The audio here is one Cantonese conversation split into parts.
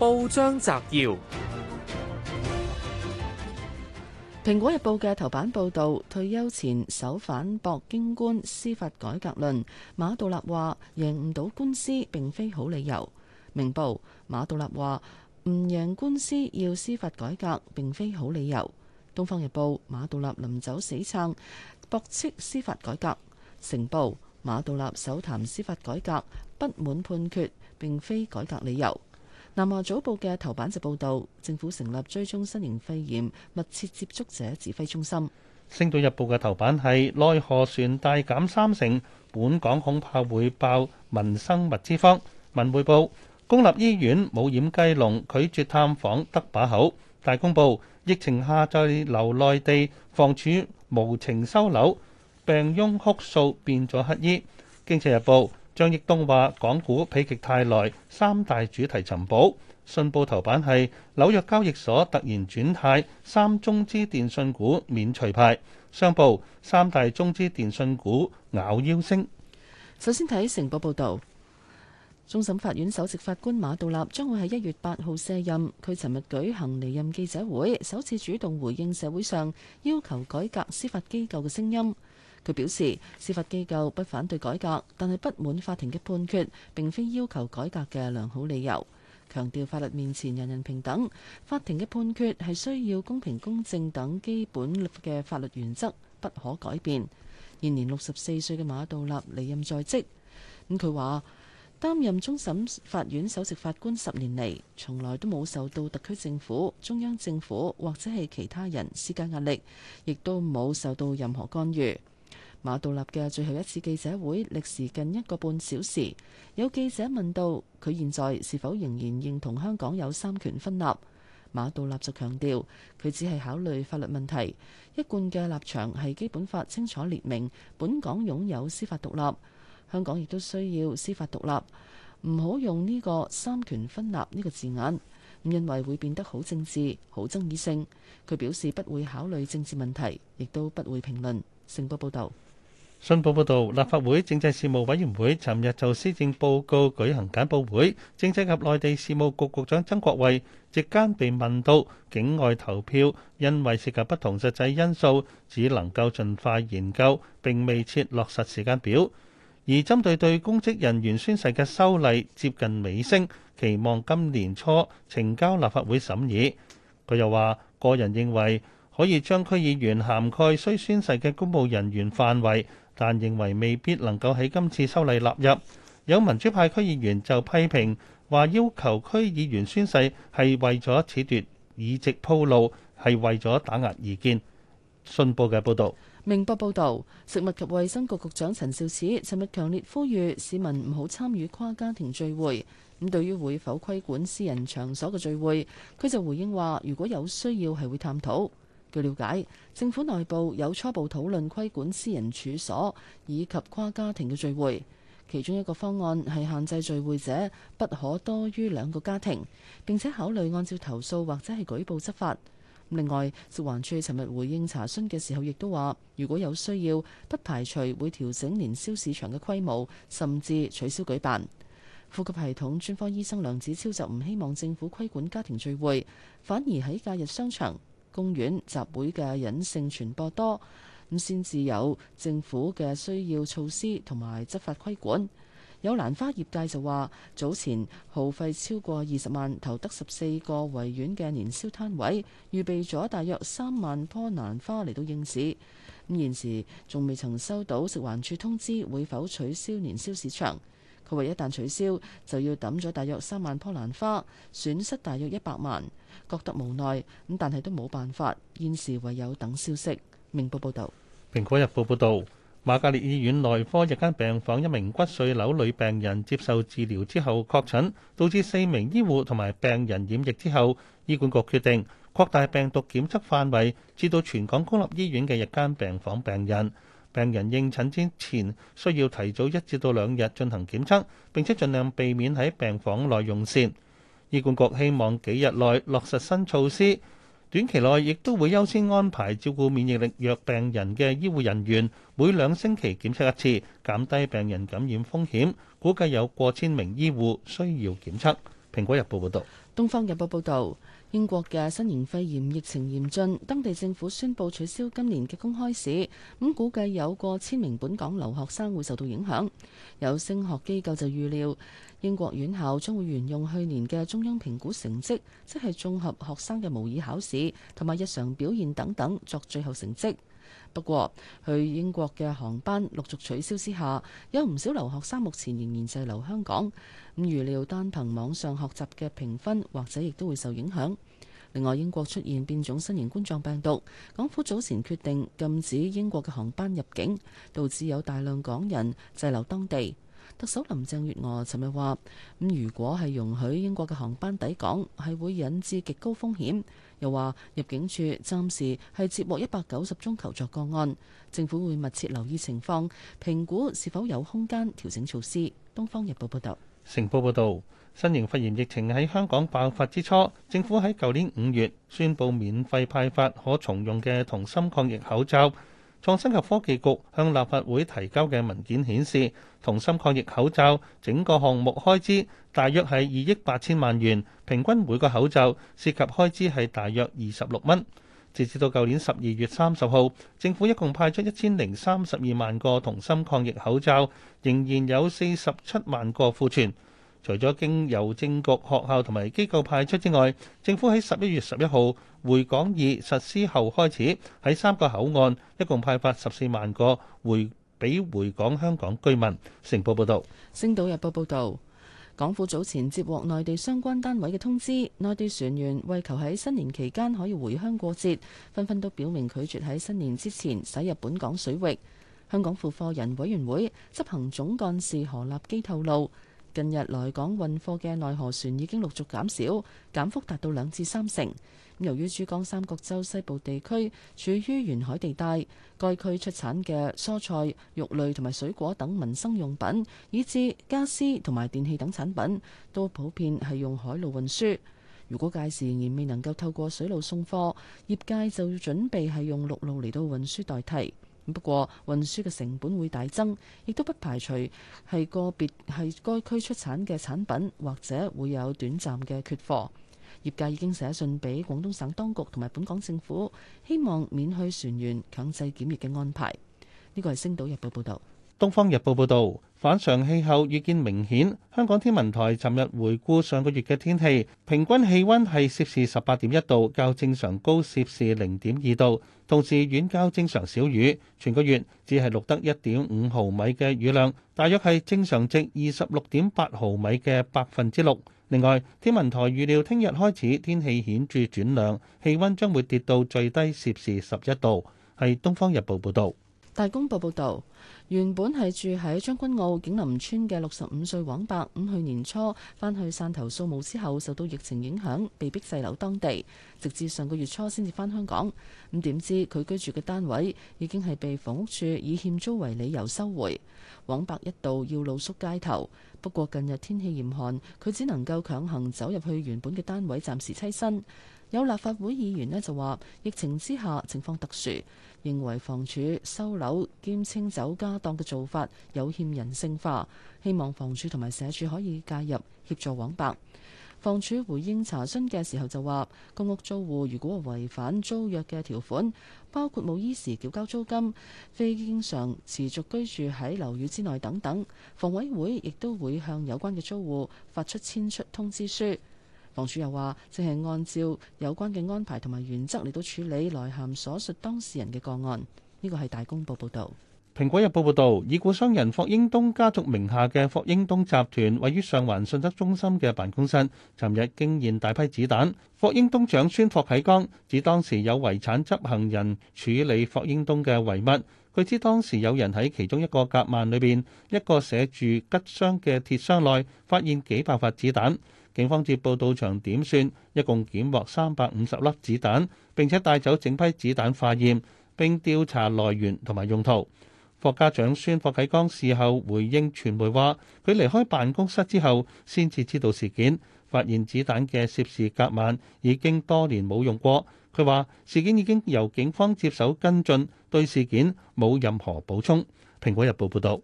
報章摘要：《蘋果日報》嘅頭版報道，退休前首反駁京官司法改革論。馬道立話，贏唔到官司並非好理由。明報，馬道立話，唔贏官司要司法改革，並非好理由。《東方日報》馬道立臨走死撐，駁斥司法改革。成報馬道立首談司法改革不滿判決，並非改革理由。南華早報嘅頭版就報道，政府成立追蹤新型肺炎密切接觸者指揮中心。星島日報嘅頭版係內河船大減三成，本港恐怕會爆民生物資荒。文匯報，公立醫院冇掩雞籠，拒絕探訪得把口。大公報，疫情下滯留內地，房署無情收樓，病翁哭訴變咗乞衣。經濟日報張翼東話：港股否極泰來，三大主題尋寶。信報頭版係紐約交易所突然轉態，三中資電訊股免除牌。商報三大中資電訊股咬腰升。首先睇成報報道，終審法院首席法官馬道立將會喺一月八號卸任。佢尋日舉行離任記者會，首次主動回應社會上要求改革司法機構嘅聲音。佢表示，司法機構不反對改革，但係不滿法庭嘅判決，並非要求改革嘅良好理由。強調法律面前人人平等，法庭嘅判決係需要公平、公正等基本嘅法律原則，不可改變。現年六十四歲嘅馬道立離任在職，咁佢話擔任終審法院首席法官十年嚟，從來都冇受到特區政府、中央政府或者係其他人施加壓力，亦都冇受到任何干預。馬道立嘅最後一次記者會，歷時近一個半小時。有記者問到佢現在是否仍然認同香港有三權分立，馬道立就強調佢只係考慮法律問題，一貫嘅立場係基本法清楚列明，本港擁有司法獨立，香港亦都需要司法獨立，唔好用呢個三權分立呢個字眼，咁因為會變得好政治、好爭議性。佢表示不會考慮政治問題，亦都不會評論。成報報導。信報報導，立法會政制事務委員會尋日就施政報告舉行簡報會，政制及內地事務局局長曾國衛席間被問到境外投票，因為涉及不同實際因素，只能夠盡快研究，並未設落實時間表。而針對對公職人員宣誓嘅修例接近尾聲，期望今年初呈交立法會審議。佢又話：個人認為可以將區議員涵蓋需宣誓嘅公務人員範圍。但認為未必能夠喺今次修例納入，有民主派區議員就批評話：要求區議員宣誓係為咗褫奪議席鋪路，係為咗打壓意見。信報嘅報導。明報報導，食物及衛生局局長陳肇始尋日強烈呼籲市民唔好參與跨家庭聚會。咁對於會否規管私人場所嘅聚會，佢就回應話：如果有需要係會探討。據了解，政府內部有初步討論規管私人處所以及跨家庭嘅聚會，其中一個方案係限制聚會者不可多於兩個家庭，並且考慮按照投訴或者係舉報執法。另外，食環署尋日回應查詢嘅時候，亦都話如果有需要，不排除會調整年宵市場嘅規模，甚至取消舉辦。呼吸系統專科醫生梁子超就唔希望政府規管家庭聚會，反而喺假日商場公園集會嘅隱性傳播多，咁先至有政府嘅需要措施同埋執法規管。有蘭花業界就話，早前耗費超過二十萬投得十四個維園嘅年宵攤位，預備咗大約三萬棵蘭花嚟到應市。咁現時仲未曾收到食環署通知會否取消年宵市場。佢話一旦取消，就要抌咗大約三萬棵蘭花，損失大約一百萬，覺得無奈咁，但係都冇辦法，現時唯有等消息。明報報道。《蘋果日報》報道，瑪嘉烈醫院內科日間病房一名骨髓瘤女病人接受治療之後確診，導致四名醫護同埋病人染疫之後，醫管局決定擴大病毒檢測範圍，至到全港公立醫院嘅日間病房病人。病人應診之前需要提早一至到兩日進行檢測，並且盡量避免喺病房內用膳。醫管局希望幾日內落實新措施，短期內亦都會優先安排照顧免疫力弱病人嘅醫護人員每兩星期檢測一次，減低病人感染風險。估計有過千名醫護需要檢測。蘋果日報報道。東方日報報導。英國嘅新型肺炎疫情嚴峻，當地政府宣布取消今年嘅公開試，咁估計有過千名本港留學生會受到影響。有升學機構就預料，英國院校將會沿用去年嘅中央評估成績，即係綜合學生嘅模擬考試同埋日常表現等等作最後成績。不過，去英國嘅航班陸續取消之下，有唔少留學生目前仍然滯留香港。咁預料單憑網上學習嘅評分，或者亦都會受影響。另外，英國出現變種新型冠狀病毒，港府早前決定禁止英國嘅航班入境，導致有大量港人滯留當地。特首林鄭月娥尋日話：咁如果係容許英國嘅航班抵港，係會引致極高風險。又話入境處暫時係接獲一百九十宗求助個案，政府會密切留意情況，評估是否有空間調整措施。《東方日報》報道，《成報》報道，新型肺炎疫情喺香港爆發之初，政府喺舊年五月宣布免費派發可重用嘅同心抗疫口罩。創新及科技局向立法會提交嘅文件顯示，同心抗疫口罩整個項目開支大約係二億八千萬元，平均每個口罩涉及開支係大約二十六蚊。截至到舊年十二月三十號，政府一共派出一千零三十二萬個同心抗疫口罩，仍然有四十七萬個庫存。除咗經郵政局、學校同埋機構派出之外，政府喺十一月十一號回港易實施後，開始喺三個口岸一共派發十四萬個回俾回港香港居民。成報報道，《星島日報》報道，港府早前接獲內地相關單位嘅通知，內地船員為求喺新年期間可以回鄉過節，紛紛都表明拒絕喺新年之前駛入本港水域。香港付貨人委員會執行總幹事何立基透露。近日來港運貨嘅內河船已經陸續減少，減幅達到兩至三成。由於珠江三角洲西部地區處於沿海地帶，該區出產嘅蔬菜、肉類同埋水果等民生用品，以至家私同埋電器等產品，都普遍係用海路運輸。如果屆時仍然未能夠透過水路送貨，業界就要準備係用陸路嚟到運輸代替。不過運輸嘅成本會大增，亦都不排除係個別係該區出產嘅產品，或者會有短暫嘅缺貨。業界已經寫信俾廣東省當局同埋本港政府，希望免去船員強制檢疫嘅安排。呢個係《星島日報》報道，《東方日報》報道。反常氣候愈見明顯，香港天文台尋日回顧上個月嘅天氣，平均氣温係攝氏十八點一度，較正常高攝氏零點二度，同時遠較正常少雨，全個月只係錄得一點五毫米嘅雨量，大約係正常值二十六點八毫米嘅百分之六。另外，天文台預料聽日開始天氣顯著轉涼，氣温將會跌到最低攝氏十一度。係《東方日報》報導。大公報報導，原本係住喺將軍澳景林村嘅六十五歲黃伯，咁去年初翻去汕頭掃墓之後，受到疫情影響，被迫滯留當地，直至上個月初先至翻香港。咁點知佢居住嘅單位已經係被房屋處以欠租為理由收回。黃伯一度要露宿街頭，不過近日天氣嚴寒，佢只能夠強行走入去原本嘅單位，暫時棲身。有立法會議員呢，就話，疫情之下情況特殊，認為房署收樓兼清走傢檔嘅做法有欠人性化，希望房署同埋社署可以介入協助往白。房署回應查詢嘅時候就話，公屋租戶如果違反租約嘅條款，包括冇依時繳交租金、非經常持續居住喺樓宇之內等等，房委會亦都會向有關嘅租戶發出遷出通知書。房署又話，正係按照有關嘅安排同埋原則嚟到處理內涵所述當事人嘅個案。呢個係大公報報導。蘋果日報報導，已故商人霍英東家族名下嘅霍英東集團位於上環信德中心嘅辦公室，尋日驚現大批子彈。霍英東長孫霍啟剛指，當時有遺產執行人處理霍英東嘅遺物。據知當時有人喺其中一個夾萬裏邊，一個寫住吉箱嘅鐵箱內，發現幾百發子彈。警方接報到場點算，一共檢獲三百五十粒子彈，並且帶走整批子彈化驗，並調查來源同埋用途。霍家長孫霍啟剛事後回應傳媒話：佢離開辦公室之後先至知道事件，發現子彈嘅涉事夾萬已經多年冇用過。佢話事件已經由警方接手跟進，對事件冇任何補充。《蘋果日報》報導。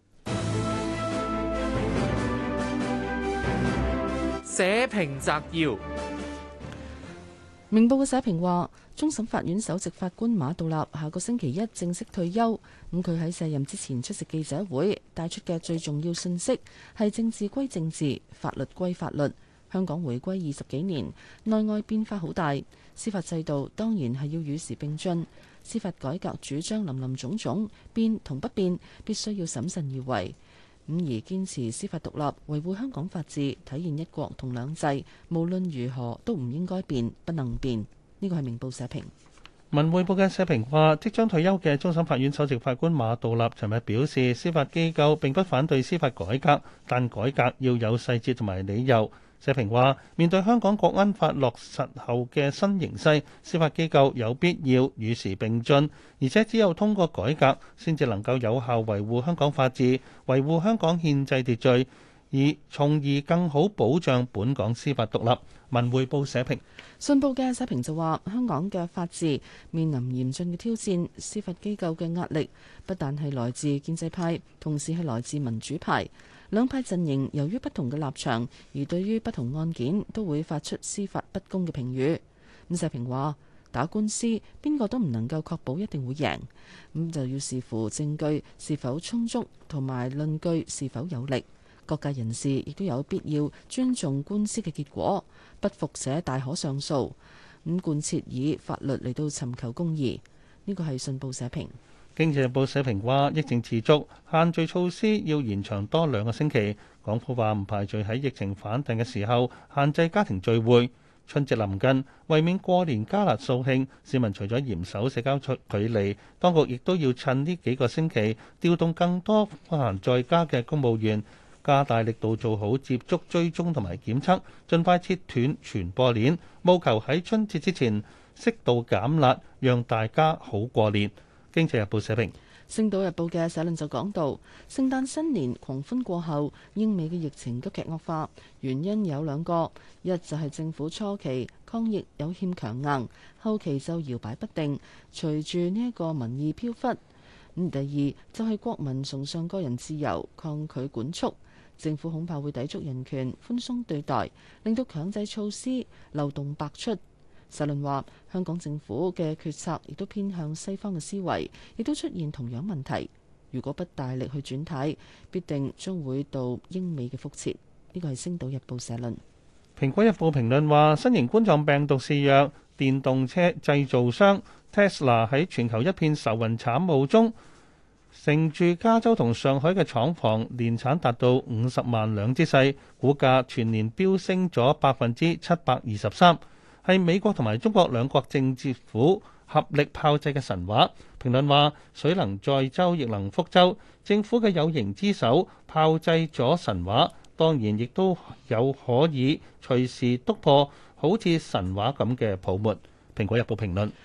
社評摘要：明報嘅社評話，終審法院首席法官馬道立下個星期一正式退休。咁佢喺卸任之前出席記者會，帶出嘅最重要信息係：政治歸政治，法律歸法律。香港回歸二十幾年，內外變化好大，司法制度當然係要與時並進。司法改革主張林林總總，變同不變，必須要審慎而為。咁而堅持司法獨立，維護香港法治，體現一國同兩制，無論如何都唔應該變，不能變。呢個係明報社評。文匯報嘅社評話：即將退休嘅終審法院首席法官馬道立，尋日表示，司法機構並不反對司法改革，但改革要有細節同埋理由。社評話：面對香港國安法落實後嘅新形勢，司法機構有必要與時並進，而且只有通過改革，先至能夠有效維護香港法治，維護香港憲制秩序，以從而更好保障本港司法獨立。文匯報社評。信報嘅社評就話：香港嘅法治面臨嚴峻嘅挑戰，司法機構嘅壓力不但係來自建制派，同時係來自民主派。兩派陣營由於不同嘅立場，而對於不同案件都會發出司法不公嘅評語。咁社評話：打官司邊個都唔能夠確保一定會贏，咁就要視乎證據是否充足同埋論據是否有力。各界人士亦都有必要尊重官司嘅結果，不服者大可上訴。咁貫徹以法律嚟到尋求公義，呢個係信報社評。經濟日報社評話：疫情持續，限聚措施要延長多兩個星期。港府話唔排除喺疫情反彈嘅時候限制家庭聚會。春節臨近，為免過年加辣掃興，市民除咗嚴守社交距距離，當局亦都要趁呢幾個星期調動更多行在家嘅公務員，加大力度做好接觸追蹤同埋檢測，盡快切斷傳播鏈，務求喺春節之前適度減辣，讓大家好過年。經濟日報社評，《星島日報》嘅社論就講到：聖誕新年狂歡過後，英美嘅疫情急劇惡化，原因有兩個。一就係政府初期抗疫有欠強硬，後期就搖擺不定，隨住呢一個民意飄忽。嗯，第二就係國民崇尚個人自由，抗拒管束，政府恐怕會抵觸人權，寬鬆，鬆對待，令到強制措施漏洞百出。社論話，香港政府嘅決策亦都偏向西方嘅思維，亦都出現同樣問題。如果不大力去轉軚，必定將會到英美嘅覆轍。呢個係《星島日報》社論。《蘋果日報》評論話，新型冠狀病毒肆虐，電動車製造商 Tesla 喺全球一片愁雲慘霧中，乘住加州同上海嘅廠房，年產達到五十萬輛之勢，股價全年飆升咗百分之七百二十三。係美國同埋中國兩國政治府合力炮製嘅神話，評論話水能載舟亦能覆舟，政府嘅有形之手炮製咗神話，當然亦都有可以隨時篤破，好似神話咁嘅泡沫。《蘋果日報》評論。